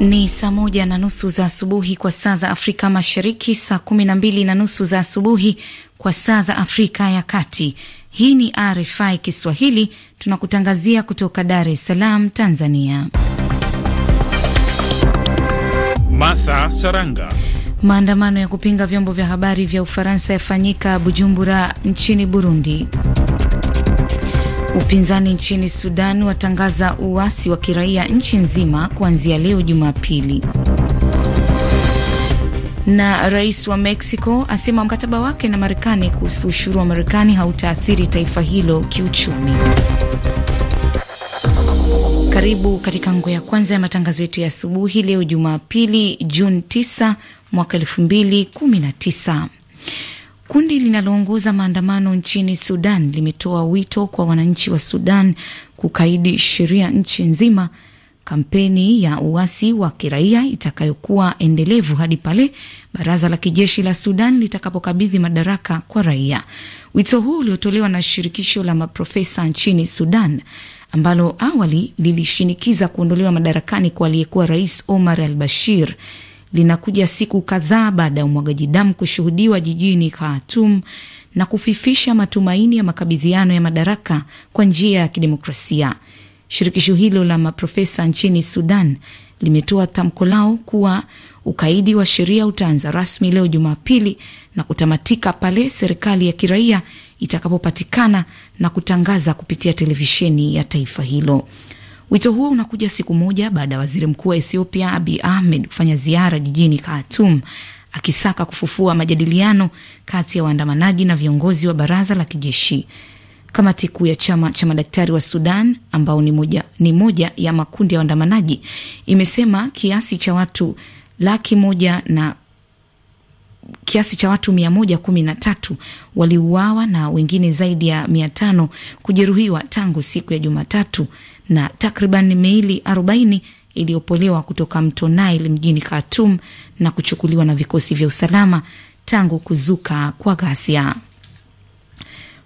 Ni saa moja na nusu za asubuhi kwa saa za Afrika Mashariki, saa kumi na mbili na nusu za asubuhi kwa saa za Afrika ya Kati. Hii ni RFI Kiswahili, tunakutangazia kutoka Dar es Salaam, Tanzania. Martha Saranga. Maandamano ya kupinga vyombo vya habari vya Ufaransa yafanyika Bujumbura nchini Burundi. Upinzani nchini Sudan watangaza uasi wa kiraia nchi nzima kuanzia leo Jumapili. Na rais wa Mexico asema mkataba wake na Marekani kuhusu ushuru wa Marekani hautaathiri taifa hilo kiuchumi. Karibu katika nguo ya kwanza ya matangazo yetu ya asubuhi leo Jumapili, Juni 9 mwaka 2019. Kundi linaloongoza maandamano nchini Sudan limetoa wito kwa wananchi wa Sudan kukaidi sheria nchi nzima, kampeni ya uasi wa kiraia itakayokuwa endelevu hadi pale baraza la kijeshi la Sudan litakapokabidhi madaraka kwa raia. Wito huu uliotolewa na shirikisho la maprofesa nchini Sudan ambalo awali lilishinikiza kuondolewa madarakani kwa aliyekuwa rais Omar al Bashir linakuja siku kadhaa baada ya umwagaji damu kushuhudiwa jijini Khartoum na kufifisha matumaini ya makabidhiano ya madaraka kwa njia ya kidemokrasia. Shirikisho hilo la maprofesa nchini Sudan limetoa tamko lao kuwa ukaidi wa sheria utaanza rasmi leo Jumapili na kutamatika pale serikali ya kiraia itakapopatikana na kutangaza kupitia televisheni ya taifa hilo. Wito huo unakuja siku moja baada ya waziri mkuu wa Ethiopia abi Ahmed kufanya ziara jijini Khartoum akisaka kufufua majadiliano kati ya waandamanaji na viongozi wa baraza la kijeshi. Kamati kuu ya chama cha madaktari wa Sudan, ambao ni moja, ni moja ya makundi ya waandamanaji, imesema kiasi cha watu laki moja na kiasi cha watu mia moja kumi na tatu waliuawa na wengine zaidi ya mia tano kujeruhiwa tangu siku ya Jumatatu na takriban miili arobaini iliyopolewa kutoka mto Nile mjini Khartoum na kuchukuliwa na vikosi vya usalama tangu kuzuka kwa ghasia.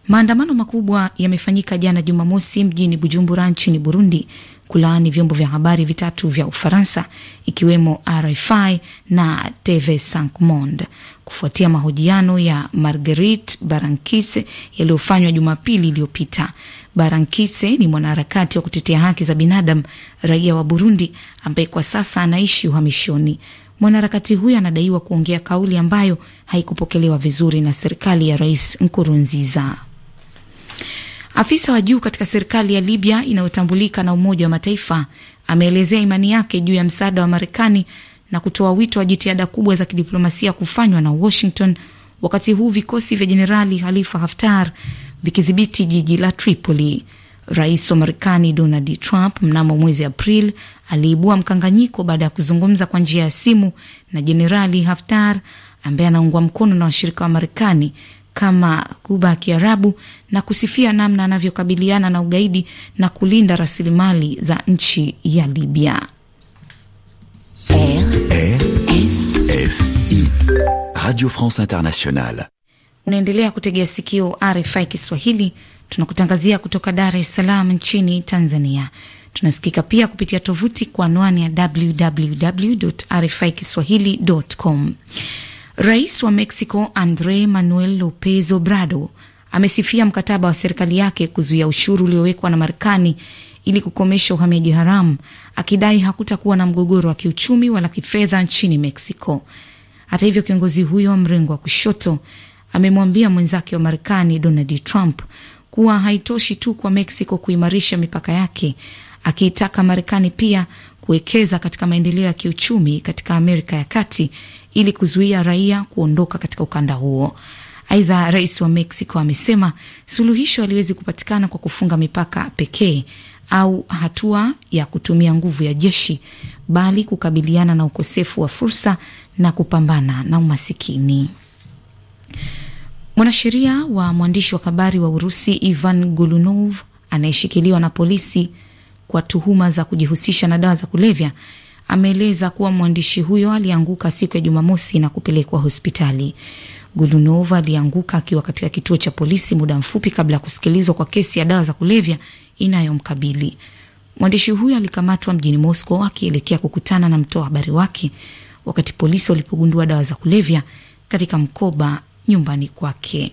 Maandamano makubwa yamefanyika jana Jumamosi mjini Bujumbura nchini Burundi kulaani vyombo vya habari vitatu vya Ufaransa ikiwemo RFI na TV5 Monde kufuatia mahojiano ya Marguerite Barankise yaliyofanywa Jumapili iliyopita. Barankise ni mwanaharakati wa kutetea haki za binadamu, raia wa Burundi ambaye kwa sasa anaishi uhamishoni. Mwanaharakati huyo anadaiwa kuongea kauli ambayo haikupokelewa vizuri na serikali ya Rais Nkurunziza. Afisa wa juu katika serikali ya Libya inayotambulika na Umoja wa Mataifa ameelezea imani yake juu ya msaada wa Marekani na kutoa wito wa jitihada kubwa za kidiplomasia kufanywa na Washington wakati huu vikosi vya Jenerali halifa Haftar vikidhibiti jiji la Tripoli. Rais wa Marekani Donald Trump mnamo mwezi Aprili aliibua mkanganyiko baada ya kuzungumza kwa njia ya simu na Jenerali Haftar ambaye anaungwa mkono na washirika wa Marekani kama Kuba ya Kiarabu na kusifia namna anavyokabiliana na ugaidi na kulinda rasilimali za nchi ya Libya. RFI, Radio France Internationale. Unaendelea kutegea sikio RFI Kiswahili, tunakutangazia kutoka Dar es Salaam nchini Tanzania. Tunasikika pia kupitia tovuti kwa anwani ya www.rfikiswahili.com. Rais wa Mexico Andre Manuel Lopez Obrador amesifia mkataba wa serikali yake kuzuia ushuru uliowekwa na Marekani ili kukomesha uhamiaji haramu, akidai hakutakuwa na mgogoro wa kiuchumi wala kifedha nchini Mexico. Hata hivyo, kiongozi huyo wa mrengo wa kushoto amemwambia mwenzake wa Marekani Donald Trump kuwa haitoshi tu kwa Mexico kuimarisha mipaka yake, akiitaka Marekani pia kuwekeza katika maendeleo ya kiuchumi katika Amerika ya Kati ili kuzuia raia kuondoka katika ukanda huo. Aidha, rais wa Mexico amesema suluhisho haliwezi kupatikana kwa kufunga mipaka pekee au hatua ya kutumia nguvu ya jeshi, bali kukabiliana na ukosefu wa fursa na kupambana na umasikini. Mwanasheria wa mwandishi wa habari wa Urusi Ivan Golunov anayeshikiliwa na polisi kwa tuhuma za kujihusisha na dawa za kulevya ameeleza kuwa mwandishi huyo alianguka siku ya Jumamosi na kupelekwa hospitali. Gulunova alianguka akiwa katika kituo cha polisi muda mfupi kabla ya kusikilizwa kwa kesi ya dawa za kulevya inayomkabili. Mwandishi huyo alikamatwa mjini Moscow akielekea kukutana na mtoa habari wake wakati polisi walipogundua dawa za kulevya katika mkoba nyumbani kwake.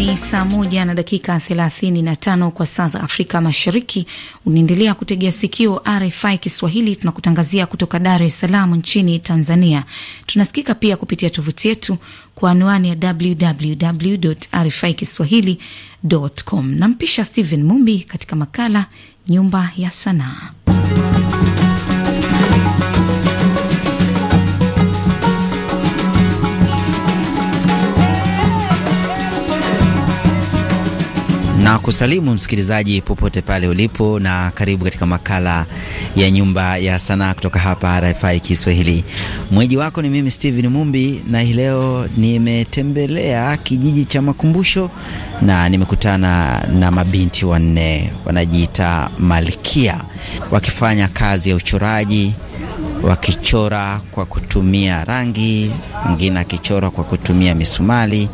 Ni saa moja na dakika 35 kwa saa za Afrika Mashariki. Unaendelea kutegea sikio RFI Kiswahili, tunakutangazia kutoka Dar es Salaam nchini Tanzania. Tunasikika pia kupitia tovuti yetu kwa anwani ya www RFI kiswahilicom. Nampisha Stephen Mumbi katika makala Nyumba ya Sanaa. Na kusalimu msikilizaji popote pale ulipo, na karibu katika makala ya Nyumba ya Sanaa kutoka hapa RFI Kiswahili. Mweji wako ni mimi Steven Mumbi, na hii leo nimetembelea kijiji cha Makumbusho na nimekutana na mabinti wanne wanajiita Malkia, wakifanya kazi ya uchoraji wakichora kwa kutumia rangi, mwingine akichora kwa kutumia misumali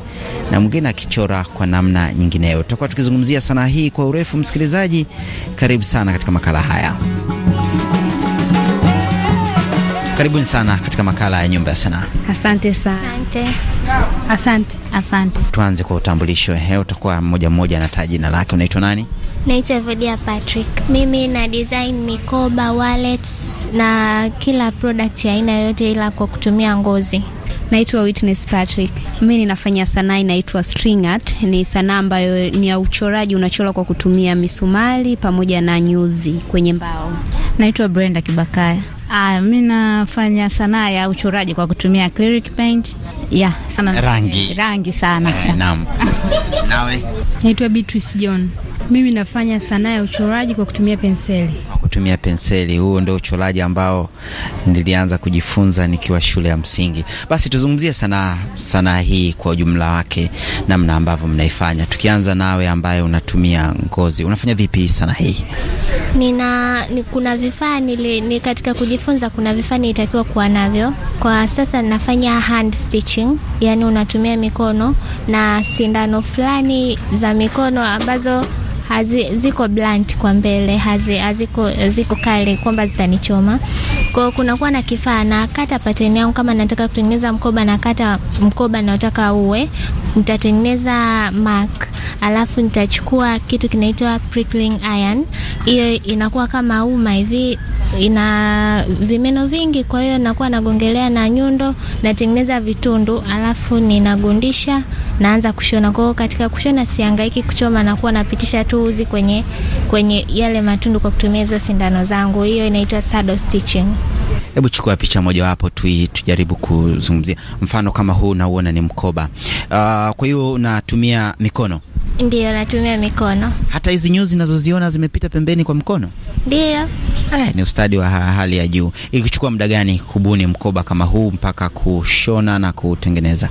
na mwingine akichora kwa namna nyingineyo. Tutakuwa tukizungumzia sanaa hii kwa urefu. Msikilizaji, karibu sana katika makala haya. Karibuni sana katika makala ya Nyumba ya Sanaa. Asante sana. Asante. Asante. Asante. Tuanze kwa utambulisho. He, utakuwa mmoja mmoja, anataja jina lake. Unaitwa nani? Naitwa Evodia Patrick. Mimi na design mikoba, wallets na kila product ya aina yoyote, ila kwa kutumia ngozi. Naitwa Witness Patrick. Mimi ninafanya sanaa inaitwa string art. Ni sanaa ambayo ni ya uchoraji, unachora kwa kutumia misumari pamoja na nyuzi kwenye mbao. Naitwa Brenda Kibakaya. Ah, mimi nafanya sanaa ya uchoraji kwa kutumia acrylic paint. Yeah, sana rangi. Rangi sana. Eh, naam. Nawe? Naitwa Beatrice John. Mimi nafanya sanaa ya uchoraji kwa kutumia penseli. Kwa kutumia penseli, huo ndio uchoraji ambao nilianza kujifunza nikiwa shule ya msingi. Basi tuzungumzie sanaa sanaa hii kwa ujumla wake, namna ambavyo mnaifanya, tukianza nawe ambaye unatumia ngozi. Unafanya vipi sanaa hii? Nina ni, kuna vifaa nili, ni katika kujifunza, kuna vifaa nilitakiwa kuwa navyo. Kwa sasa nafanya hand stitching, yani unatumia mikono na sindano fulani za mikono ambazo hazi, ziko blunt kwa mbele hazi, haziko, ziko kale kwamba zitanichoma. Kwa hiyo kunakuwa na kifaa na kata pateni yangu, kama nataka kutengeneza mkoba na kata mkoba naotaka uwe, nitatengeneza mark alafu nitachukua kitu kinaitwa prickling iron, hiyo inakuwa kama uma hivi ina vimeno vingi, kwa hiyo nakuwa nagongelea na nyundo, natengeneza vitundu, alafu ninagundisha, naanza kushona. Kwa hiyo katika kushona siangaiki kuchoma, nakuwa napitisha tu uzi kwenye, kwenye yale matundu kwa kutumia hizo sindano zangu. Hiyo inaitwa saddle stitching. Hebu chukua picha mojawapo tu, tujaribu kuzungumzia mfano kama huu nauona ni mkoba. Uh, kwa hiyo unatumia mikono? Ndiyo, natumia mikono. Hata hizi nyuzi nazoziona zimepita pembeni kwa mkono? Ndiyo eh, ni ustadi wa hali ya juu. Ikichukua muda gani kubuni mkoba kama huu mpaka kushona na kutengeneza?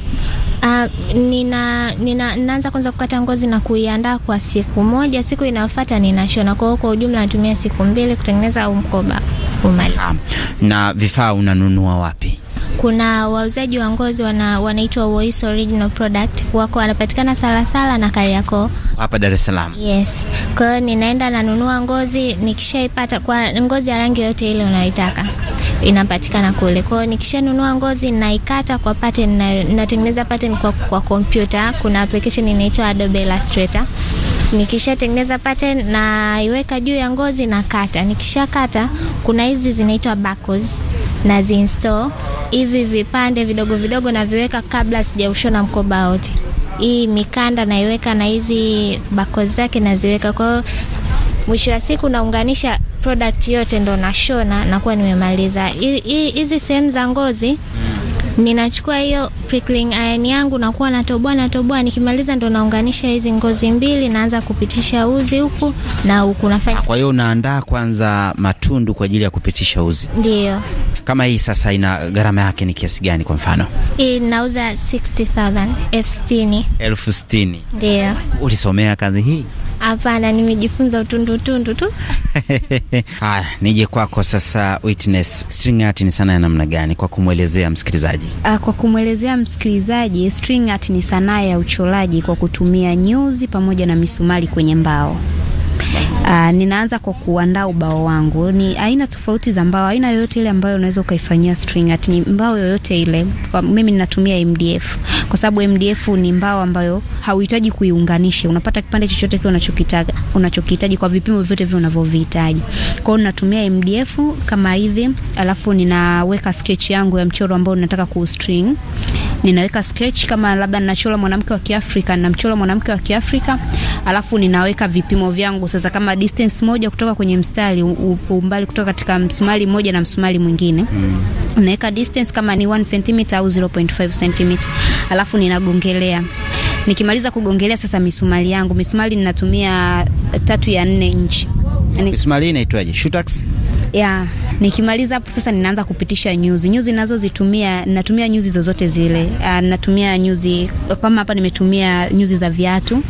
Uh, nina, nina naanza kwanza kukata ngozi na kuiandaa kwa siku moja, siku inayofuata ninashona. Kwa hiyo kwa ujumla natumia siku mbili kutengeneza au mkoba umali. Na vifaa unanunua wapi? Kuna wauzaji wa ngozi wana, wanaitwa Voice Original Product wako wanapatikana Salasala na Kariakoo hapa Dar es Salaam. Yes. Kwa hiyo ninaenda nanunua ngozi, nikishaipata kwa ngozi ya rangi yote ile unayotaka inapatikana kule. Kwa hiyo nikishanunua ngozi naikata kwa pattern na natengeneza pattern kwa, kwa kompyuta. Kuna application inaitwa Adobe Illustrator. Nikishatengeneza pattern naiweka juu ya ngozi na kata. Nikishakata kuna hizi zinaitwa barcodes zinstall Hivi vipande vidogo vidogo naviweka kabla sijaushona mkoba wote. Hii mikanda naiweka na hizi bako zake naziweka. Kwa hiyo mwisho wa siku naunganisha product yote ndo nashona, nakuwa nimemaliza. Hizi sehemu za ngozi mm ninachukua hiyo prickling iron yangu nakuwa natoboa natoboa, nikimaliza ndo naunganisha hizi ngozi mbili, naanza kupitisha uzi huku na huku nafanya. Kwa hiyo unaandaa kwanza matundu kwa ajili ya kupitisha uzi? ndio Kama hii sasa ina gharama yake ni kiasi gani? Kwa mfano hii nauza 60000 elfu sitini. Elfu sitini? Ulisomea kazi hii? Hapana, nimejifunza utundu tu. Haya, nije kwako sasa. Witness, string art ni sanaa ya namna gani kwa kumwelezea msikilizaji? Ah, kwa kumwelezea msikilizaji, string art ni sanaa ya uchoraji kwa kutumia nyuzi pamoja na misumari kwenye mbao. Uh, ninaanza kwa kuandaa ubao wangu. Ni aina tofauti za mbao, aina yoyote ile ambayo unaweza ukaifanyia string art, ni mbao yoyote ile. Kwa mimi ninatumia MDF kwa sababu MDF ni mbao ambayo hauhitaji kuiunganisha, unapata kipande chochote kile unachokitaka, unachokihitaji kwa vipimo vyote vile unavyohitaji. Kwa hiyo ninatumia MDF kama hivi, alafu ninaweka sketch yangu ya mchoro ambao ninataka ku string ninaweka sketch kama labda ninachora mwanamke wa Kiafrika, ninamchora mwanamke wa Kiafrika, alafu ninaweka vipimo vyangu sasa kama distance moja kutoka kwenye mstari, umbali kutoka katika msumari mmoja na msumari mwingine mm. Naweka distance kama ni 1 cm au 0.5 cm, alafu ninagongelea nikimaliza kugongelea sasa misumari yangu, misumari ninatumia tatu ya nne inchi. Yani, misumari inaitwaje? Shutax? ya nikimaliza hapo sasa ninaanza kupitisha nyuzi. Nyuzi nazozitumia, natumia nyuzi zozote zile. Uh, natumia nyuzi kama hapa nimetumia nyuzi za viatu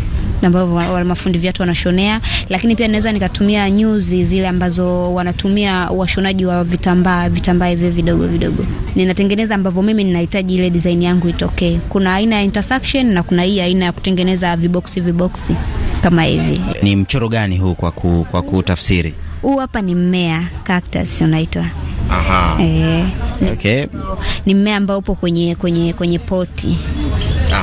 wale mafundi viatu wanashonea, lakini pia naweza nikatumia nyuzi zile ambazo wanatumia washonaji wa vitambaa vitambaa hivi vidogo vidogo, ninatengeneza ambavyo mimi ninahitaji ile design yangu itokee. Kuna aina ya intersection na kuna hii aina ya kutengeneza viboksi viboksi kama hivi. Ni mchoro gani huu kwa ku, kwa kutafsiri? Huu hapa ni mmea cactus unaitwa. Aha. E, okay. Ni mmea ambao upo kwenye kwenye kwenye poti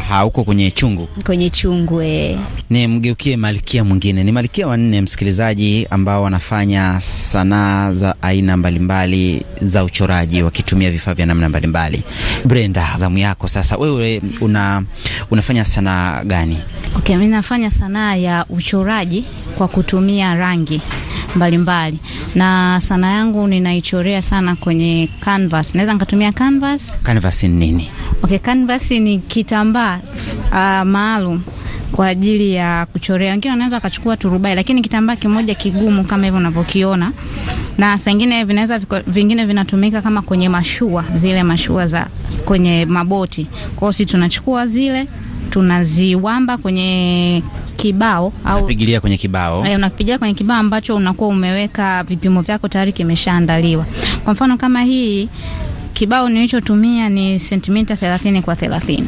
hauko kwenye chungu, kwenye chungu eh. Ni mgeukie malkia mwingine, ni malkia wanne msikilizaji, ambao wanafanya sanaa za aina mbalimbali za uchoraji wakitumia vifaa vya namna mbalimbali. Brenda, zamu yako sasa. Wewe una, unafanya sanaa gani? Okay, mimi nafanya sanaa ya uchoraji kwa kutumia rangi mbalimbali mbali. Na sana yangu ninaichorea sana kwenye canvas. Naweza nikatumia canvas? Canvas ni nini? Okay, canvas ni kitambaa uh, maalum kwa ajili ya kuchorea. Wengine wanaweza wakachukua turubai, lakini kitambaa kimoja kigumu kama hivyo unavyokiona, na sengine vinaweza vingine vinatumika kama kwenye mashua, zile mashua za kwenye maboti. Kwa hiyo si tunachukua zile tunaziwamba kwenye kibao au unapigilia kwenye kibao. Eh, unapigilia kwenye kibao ambacho unakuwa umeweka vipimo vyako tayari kimeshaandaliwa. Kwa mfano kama hii kibao nilichotumia ni sentimita 30 kwa 30.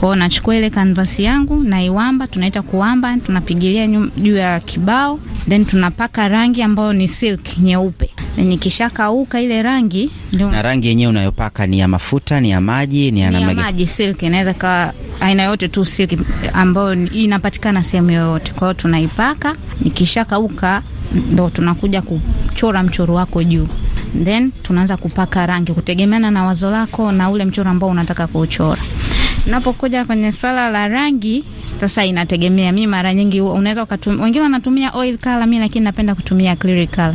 Kwa hiyo nachukua ile canvas yangu na iwamba, tunaita kuwamba, tunapigilia juu ya kibao then tunapaka rangi ambayo ni silk nyeupe nikishakauka ile rangi ndio. Na rangi yenyewe unayopaka ni ya mafuta, ni ya maji, ni ya namna gani? Maji silk, inaweza kawa aina yote tu silk ambayo inapatikana sehemu yoyote. Kwa hiyo tunaipaka, nikishakauka ndo tunakuja kuchora mchoro wako juu, then tunaanza kupaka rangi kutegemeana na wazo lako na ule mchoro ambao unataka kuuchora. Unapokuja kwenye swala la rangi sasa inategemea. Mimi mara nyingi unaweza ukatumia, wengine wanatumia oil color, mimi lakini napenda kutumia acrylic color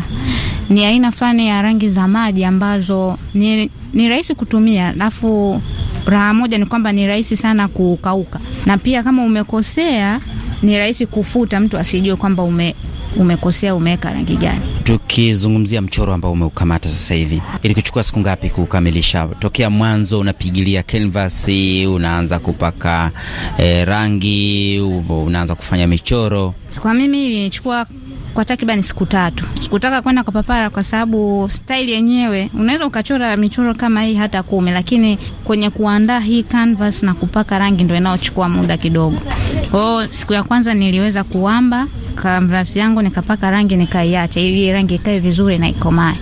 ni aina fulani ya rangi za maji ambazo ni, ni rahisi kutumia, alafu raha moja ni kwamba ni rahisi sana kukauka, na pia kama umekosea ni rahisi kufuta, mtu asijue kwamba ume umekosea umeweka rangi gani. Tukizungumzia mchoro ambao umeukamata sasa hivi, ili kuchukua siku ngapi kukamilisha? Tokea mwanzo unapigilia canvas, unaanza kupaka eh, rangi, unaanza kufanya michoro? Kwa mimi ilinichukua kwa takriban siku tatu. Sikutaka kwenda kwa papara kwa sababu style yenyewe unaweza ukachora michoro kama hii hata kumi, lakini kwenye kuandaa hii canvas na kupaka rangi ndio inaochukua muda kidogo. Kwa siku ya kwanza niliweza kuamba kamrasi yangu nikapaka rangi nikaiacha ili rangi ikae vizuri na ikomae.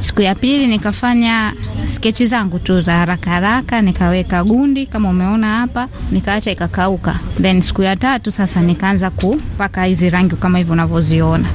Siku ya pili nikafanya skechi zangu tu za haraka haraka, nikaweka gundi kama umeona hapa, nikaacha ikakauka. Then siku ya tatu sasa nikaanza kupaka hizi rangi kama hivyo unavyoziona.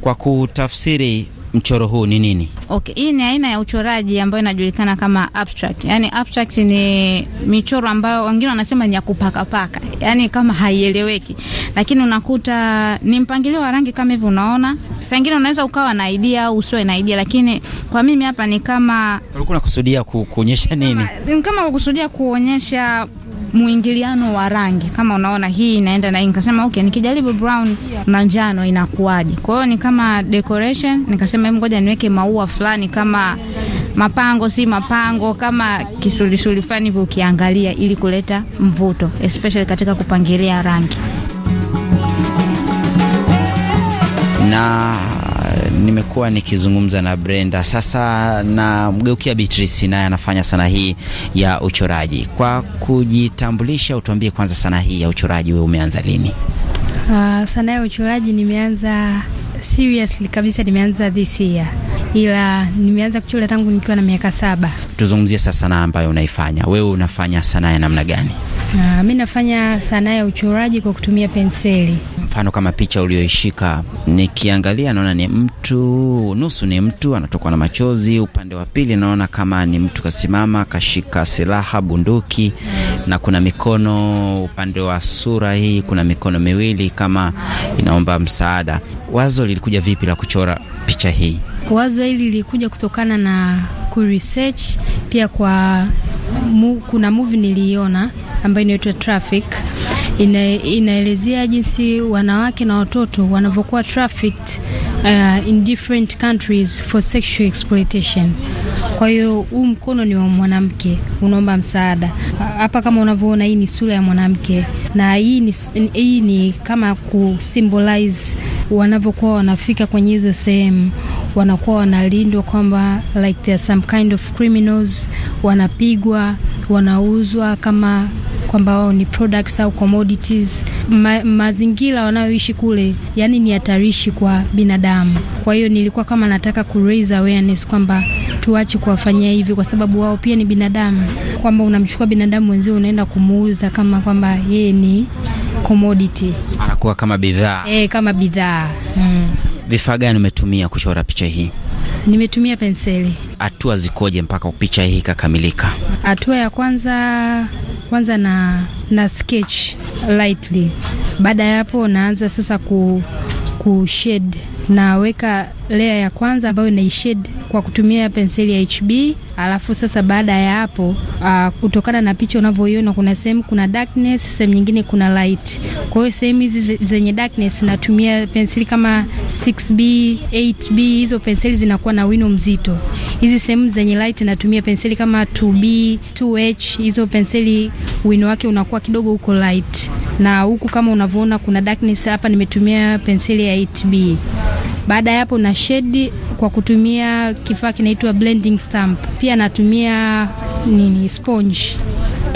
Kwa kutafsiri mchoro huu ni nini? Okay, hii ni aina ya uchoraji ambayo inajulikana kama abstract. Yani abstract ni michoro ambayo wengine wanasema ni ya kupakapaka, yani kama haieleweki, lakini unakuta ni mpangilio wa rangi kama hivi. Unaona, saa ingine unaweza ukawa na idea au usiwe na idea, lakini kwa mimi hapa ni kama ulikuwa unakusudia kuonyesha nini? Kama unakusudia kuonyesha muingiliano wa rangi, kama unaona hii inaenda na hii, nikasema okay, nikijaribu brown na njano inakuwaje? Kwa hiyo ni kama decoration, nikasema hebu ngoja niweke maua fulani kama mapango si mapango kama kisulisuli fulani hivyo, ukiangalia ili kuleta mvuto, especially katika kupangilia rangi na nimekuwa nikizungumza na Brenda sasa, na mgeukia Beatrice, naye anafanya sanaa hii ya uchoraji. Kwa kujitambulisha, utuambie kwanza, sanaa hii ya uchoraji wewe umeanza lini? Uh, sanaa ya uchoraji nimeanza seriously kabisa, nimeanza this year ila nimeanza kuchora tangu nikiwa na miaka saba. Tuzungumzie sasa sanaa ambayo unaifanya wewe, unafanya sanaa ya namna gani? Uh, mi nafanya sanaa ya uchoraji kwa kutumia penseli mfano kama picha ulioishika, nikiangalia naona ni mtu nusu, ni mtu anatokwa na machozi, upande wa pili naona kama ni mtu kasimama, kashika silaha, bunduki, na kuna mikono upande wa sura hii, kuna mikono miwili kama inaomba msaada. Wazo lilikuja vipi la kuchora picha hii? Wazo hili lilikuja kutokana na ku research pia kwa mu, kuna movie niliiona ambayo inaitwa Traffic ina, inaelezea jinsi wanawake na watoto wanavyokuwa trafficked uh, in different countries for sexual exploitation. Kwa hiyo huu mkono ni wa mwanamke unaomba msaada hapa. Kama unavyoona, hii ni sura ya mwanamke na hii ni, hii ni kama ku symbolize wanavyokuwa wanafika kwenye hizo sehemu wanakuwa wanalindwa kwamba like there are some kind of criminals, wanapigwa, wanauzwa kama kwamba wao ni products au commodities. Ma, mazingira wanayoishi kule yani ni hatarishi kwa binadamu. Kwa hiyo nilikuwa kama nataka ku raise awareness kwamba tuache kuwafanyia hivi, kwa sababu wao pia ni binadamu, kwamba unamchukua binadamu wenzio unaenda kumuuza kama kwamba yeye ni commodity, anakuwa kama bidhaa e, kama bidhaa mm. Vifaa gani umetumia kuchora picha hii? Nimetumia penseli. Hatua zikoje mpaka picha hii ikakamilika? Hatua ya kwanza kwanza na, na sketch lightly. Baada ya hapo naanza sasa ku, shade naweka layer ya kwanza ambayo naishade kwa kutumia penseli ya HB. Alafu sasa baada ya hapo uh, kutokana na picha unavyoiona, kuna sehemu kuna darkness, sehemu nyingine kuna light. Kwa hiyo sehemu hizi zenye darkness natumia penseli kama 6B, 8B, hizo penseli zinakuwa na wino mzito. Hizi sehemu zenye light natumia penseli kama 2B, 2H, hizo penseli wino wake unakuwa kidogo huko light. Na huku kama unavyoona kuna darkness hapa nimetumia penseli ya 8B. Baada ya hapo na shade kwa kutumia kifaa kinaitwa blending stamp. Pia natumia nini, sponge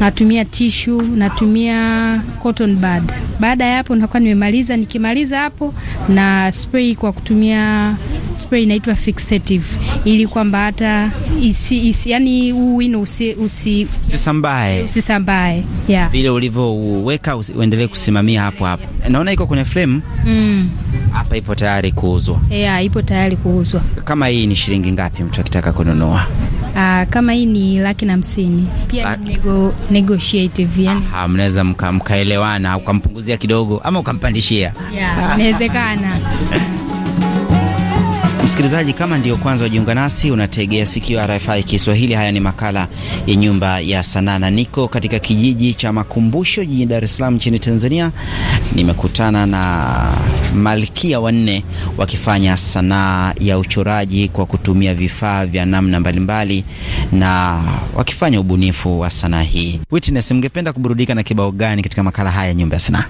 natumia tishu, natumia cotton bud. Baada ya hapo nakuwa nimemaliza. Nikimaliza hapo na spray kwa kutumia spray inaitwa fixative, ili kwamba hata isi, isi, yani huu wino usi, usi, usisambae usisambae, yeah. Vile ulivyoweka uendelee kusimamia hapo hapo, naona iko kwenye frame mm. Hapa ipo tayari kuuzwa. Yeah, ipo tayari kuuzwa. Kama hii ni shilingi ngapi mtu akitaka kununua? Aa, ah, kama hii ni laki na hamsini. Pia ni nego, negotiative yani. Aha, mnaweza mkaelewana mka ukampunguzia kidogo ama ukampandishia. Yeah, inawezekana. Msikilizaji, kama ndiyo kwanza wajiunga nasi, unategea sikio RFI Kiswahili. Haya ni makala ya Nyumba ya Sanaa, na niko katika kijiji cha Makumbusho jijini Dar es Salaam nchini Tanzania. Nimekutana na malkia wanne wakifanya sanaa ya uchoraji kwa kutumia vifaa vya namna mbalimbali na wakifanya ubunifu wa sanaa hii. Witness, mngependa kuburudika na kibao gani katika makala haya ya Nyumba ya Sanaa?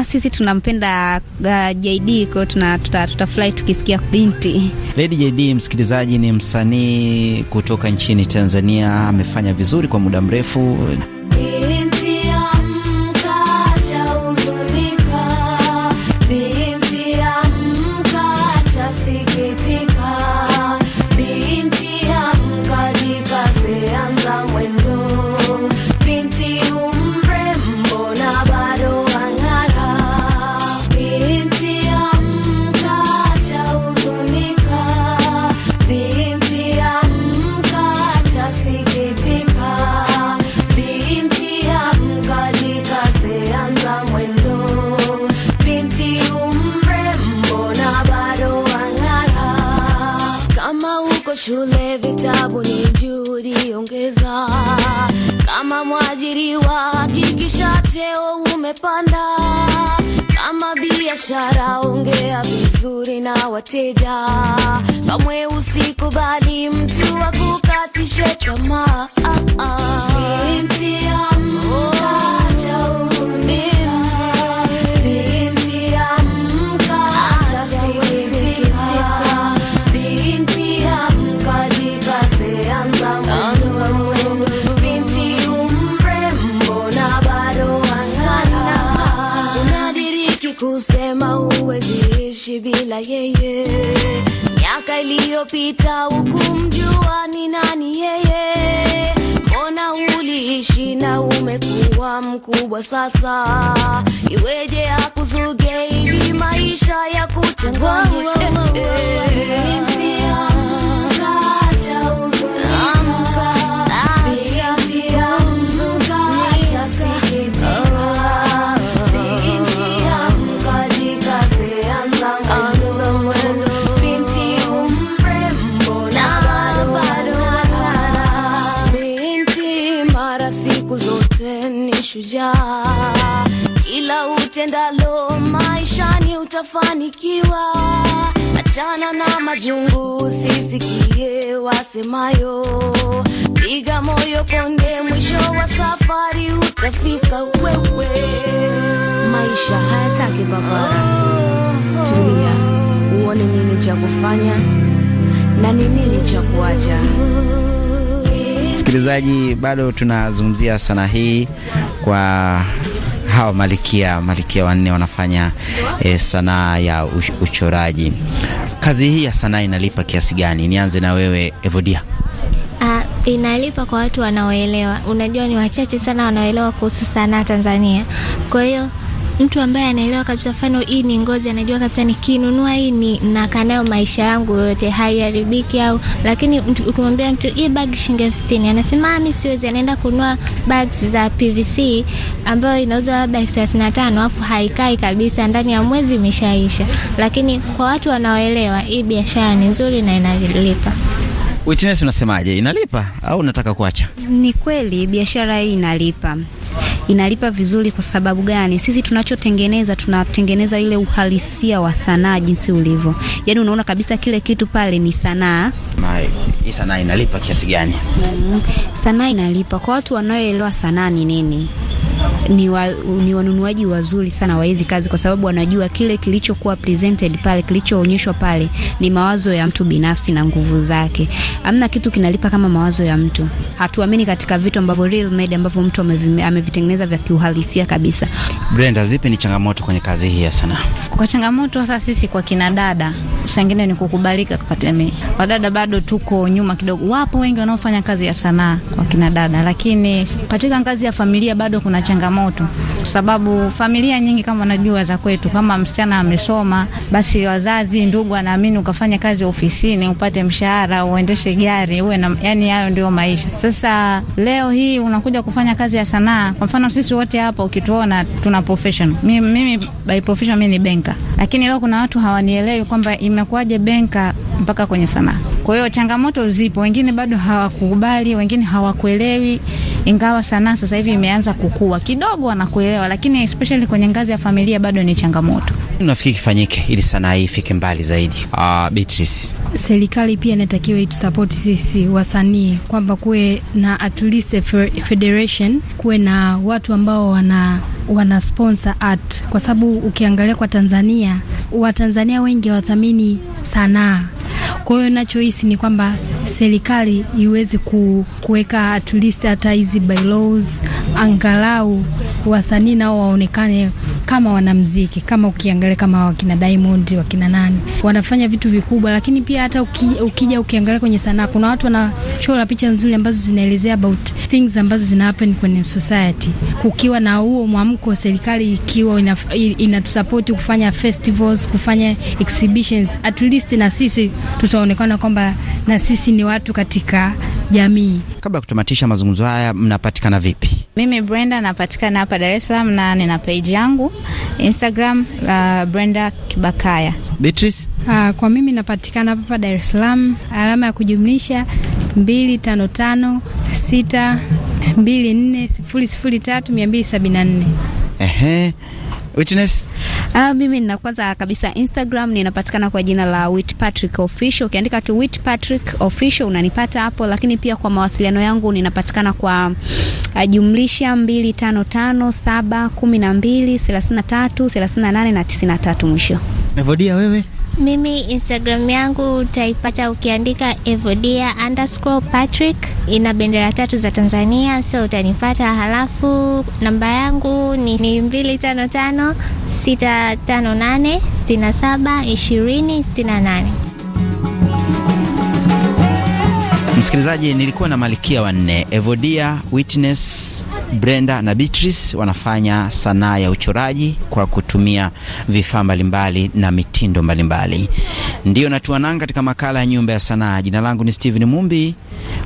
ah, sisi tunampenda uh, JD kwa tuna tutafurahi tuta tukisikia binti Lady JD. Msikilizaji, ni msanii kutoka nchini Tanzania, amefanya vizuri kwa muda mrefu. cheo umepanda, kama biashara ongea vizuri na wateja. Kamwe usikubali mtu kukatishe tamaa. Ah, ah. bila yeye. Miaka iliyopita hukumjua ni nani yeye, mbona uliishi na umekuwa mkubwa sasa? Iweje akuzuge ili maisha ya kuchanganya eh, eh, eh. utafanikiwa, achana na majungu, sisikie wasemayo, piga moyo konde, mwisho wa safari utafika wewe. Maisha hayataki papara, tulia uone nini cha kufanya na ni nini cha kuacha. Msikilizaji, bado tunazungumzia sanaa hii kwa hawa malikia malikia wanne wanafanya e, sanaa ya uchoraji. Kazi hii ya sanaa inalipa kiasi gani? Nianze na wewe Evodia. Uh, inalipa kwa watu wanaoelewa. Unajua ni wachache sana wanaoelewa kuhusu sanaa Tanzania, kwa hiyo mtu ambaye anaelewa kabisa, mfano hii ni ngozi, anajua kabisa nikinunua hii ni nakaa nayo maisha yangu yote, haiharibiki au. Lakini ukimwambia mtu hii bag shilingi elfu sitini anasema ah, mimi siwezi, anaenda kununua bags za PVC ambayo inauzwa labda elfu thelathini na tano alafu haikai kabisa, ndani ya mwezi imeshaisha. Lakini kwa watu wanaoelewa hii biashara ni nzuri na inalipa. Witness, unasemaje, inalipa au unataka kuacha? Ni kweli biashara hii inalipa inalipa vizuri. Kwa sababu gani? Sisi tunachotengeneza tunatengeneza ile uhalisia wa sanaa jinsi ulivyo, yaani unaona kabisa kile kitu pale ni sanaa. Hii sanaa inalipa kiasi gani? Mm, sanaa inalipa kwa watu wanaoelewa sanaa ni nini ni, wa, ni wanunuaji wazuri sana wa hizi kazi, kwa sababu wanajua kile kilichokuwa presented pale, kilichoonyeshwa pale ni mawazo ya mtu binafsi na nguvu zake. Amna kitu kinalipa kama mawazo ya mtu. Hatuamini katika vitu ambavyo real made, ambavyo mtu amevitengeneza vya kiuhalisia kabisa. Brenda, zipi ni changamoto kwenye kazi hii ya sanaa? Kwa changamoto sasa sisi kwa kina dada sengine ni kukubalika kwa jamii. Wadada bado tuko nyuma kidogo, wapo wengi wanaofanya kazi ya sanaa kwa kina dada, lakini katika ngazi ya familia bado kuna changamoto, kwa sababu familia nyingi kama unajua za kwetu, kama msichana amesoma, basi wazazi, ndugu anaamini ukafanya kazi ofisini upate mshahara, uendeshe gari, uwe na, yani hayo ndio maisha. Sasa leo hii unakuja kufanya kazi ya sanaa. Kwa mfano sisi wote hapa ukituona tuna profession. Mimi, mimi by profession mimi ni banker, lakini leo kuna watu hawanielewi kwamba imekuwaje banker mpaka kwenye sanaa. Kwa hiyo changamoto zipo, wengine bado hawakukubali, wengine hawakuelewi ingawa sanaa sasa hivi imeanza kukua kidogo, wanakuelewa, lakini especially kwenye ngazi ya familia bado ni changamoto. Nafikiri kifanyike ili sanaa hii ifike mbali zaidi. Uh, Beatrice, serikali pia inatakiwa itusapoti sisi wasanii kwamba kuwe na at least federation, kuwe na watu ambao wana wana sponsor art, kwa sababu ukiangalia kwa Tanzania, Watanzania wengi hawathamini sanaa kwa hiyo nachohisi ni kwamba serikali iweze kuweka at least hata hizi bylaws angalau wasanii nao waonekane kama wanamziki, kama ukiangalia kama wakina Diamond, wakina nani wanafanya vitu vikubwa, lakini pia hata ukija, ukija ukiangalia kwenye sanaa kuna watu wanachora picha nzuri ambazo zinaelezea about things ambazo zina happen kwenye society. Kukiwa na huo mwamko, serikali ikiwa inatusupport ina kufanya festivals, kufanya exhibitions, at least na sisi tutaonekana kwamba na sisi ni watu katika jamii. Kabla ya kutamatisha mazungumzo haya, mnapatikana vipi? Mimi Brenda napatikana hapa Dar es Salaam na nina page yangu Instagram, uh, Brenda Kibakaya. Beatrice? Uh, kwa mimi napatikana hapa Dar es Salaam, alama ya kujumlisha 255624003274. Ehe. Witness? Ah, mimi nina kwanza kabisa Instagram ninapatikana kwa jina la Patrick Official. Ukiandika tu Patrick Official unanipata hapo, lakini pia kwa mawasiliano yangu ninapatikana kwa uh, jumlisha 2557123338 na 93 mwisho. Evodia wewe? Mimi Instagram yangu utaipata ukiandika Evodia underscore Patrick, ina bendera tatu za Tanzania, so utanipata. Halafu namba yangu ni mbili tano tano sita tano nane sitini na saba ishirini sitini na nane. Msikilizaji, nilikuwa na malikia wanne Evodia Witness Brenda na Beatrice wanafanya sanaa ya uchoraji kwa kutumia vifaa mbalimbali na mitindo mbalimbali. Ndiyo natuananga katika makala ya Nyumba ya Sanaa. Jina langu ni Steven Mumbi.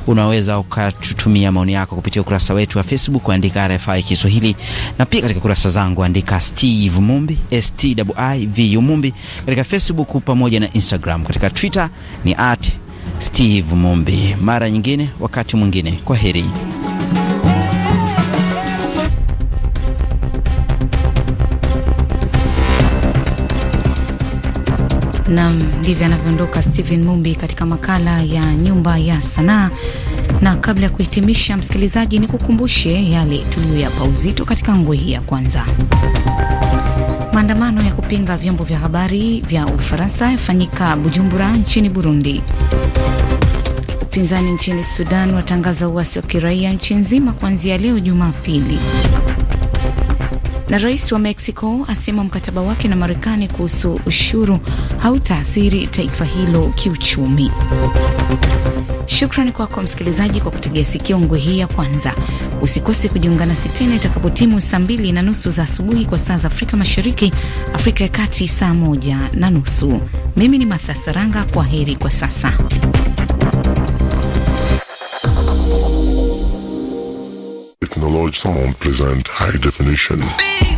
Unaweza ukatutumia maoni yako kupitia ukurasa wetu wa Facebook, kuandika RFI Kiswahili, na pia katika kurasa zangu andika Steve Mumbi, S T I V U Mumbi katika Facebook pamoja na Instagram. Katika Twitter ni at Steve Mumbi. Mara nyingine, wakati mwingine, kwa heri. Nam, ndivyo anavyoondoka Stephen Mumbi katika makala ya nyumba ya sanaa. Na kabla ya kuhitimisha, msikilizaji, ni kukumbushe yale tuliyoyapa uzito katika ngwe hii ya kwanza. Maandamano ya kupinga vyombo vya habari vya Ufaransa yafanyika Bujumbura nchini Burundi. Upinzani nchini Sudan watangaza uasi wa kiraia nchi nzima kuanzia leo Jumapili. Na rais wa Mexico asema mkataba wake na Marekani kuhusu ushuru hautaathiri taifa hilo kiuchumi. Shukrani kwako msikilizaji kwa kutegea sikio ngwe hii ya kwanza. Usikose kujiunga nasi tena itakapotimu saa mbili na nusu za asubuhi kwa saa za Afrika Mashariki, Afrika ya Kati saa moja na nusu. Mimi ni Matha Saranga, kwa heri kwa sasa. large sound, present high definition. Beat.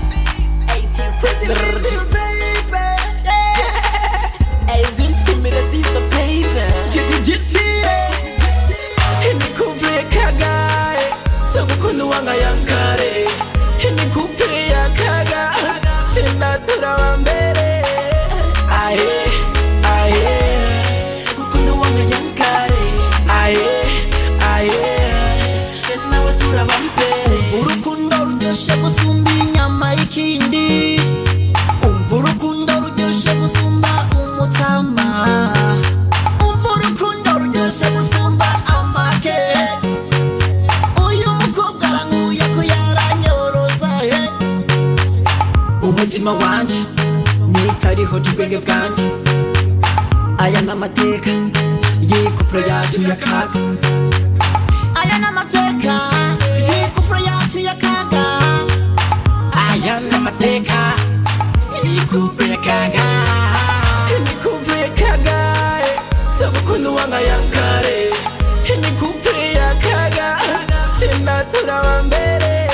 natura mbele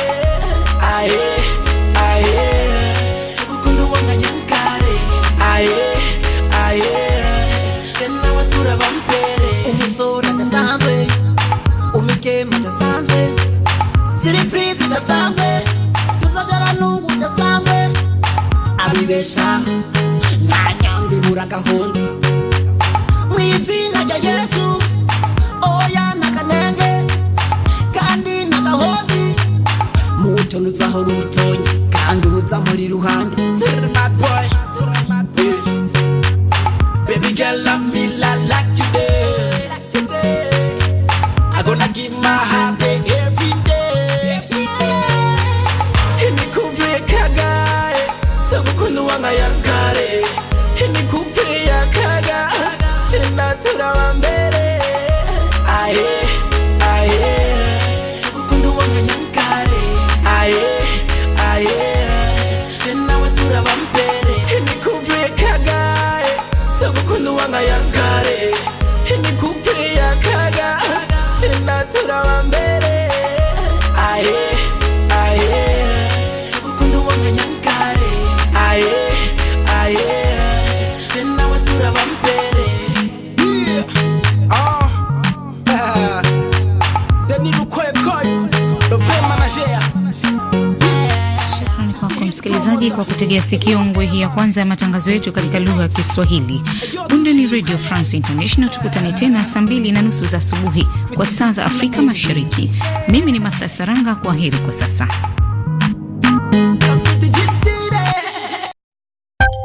aye aye ukundo wanganyankare aye aye tena watura bampere umusore adasanzwe umukema adasanzwe siriprize idasanzwe tuzabyara n'ubu udasanzwe abibesha na nyambi gahunda mu izina rya yesu rutontse aho rutonye kandi muri ruhande Baby girl love me la like today I gonna give my heart every day Imikupe kagaye Sogukunda wanga yakare Imikupe yakaga wambe nabibere nikubwire kagaye eh. sogokunda uwanga yangare msikilizaji, kwa kutegea sikio ngwe hii ya kwanza ya matangazo yetu katika lugha ya Kiswahili. Punde ni Radio France International. Tukutane tena saa mbili na nusu za asubuhi kwa saa za Afrika Mashariki. Mimi ni mathasaranga Saranga, kwa heri kwa sasa.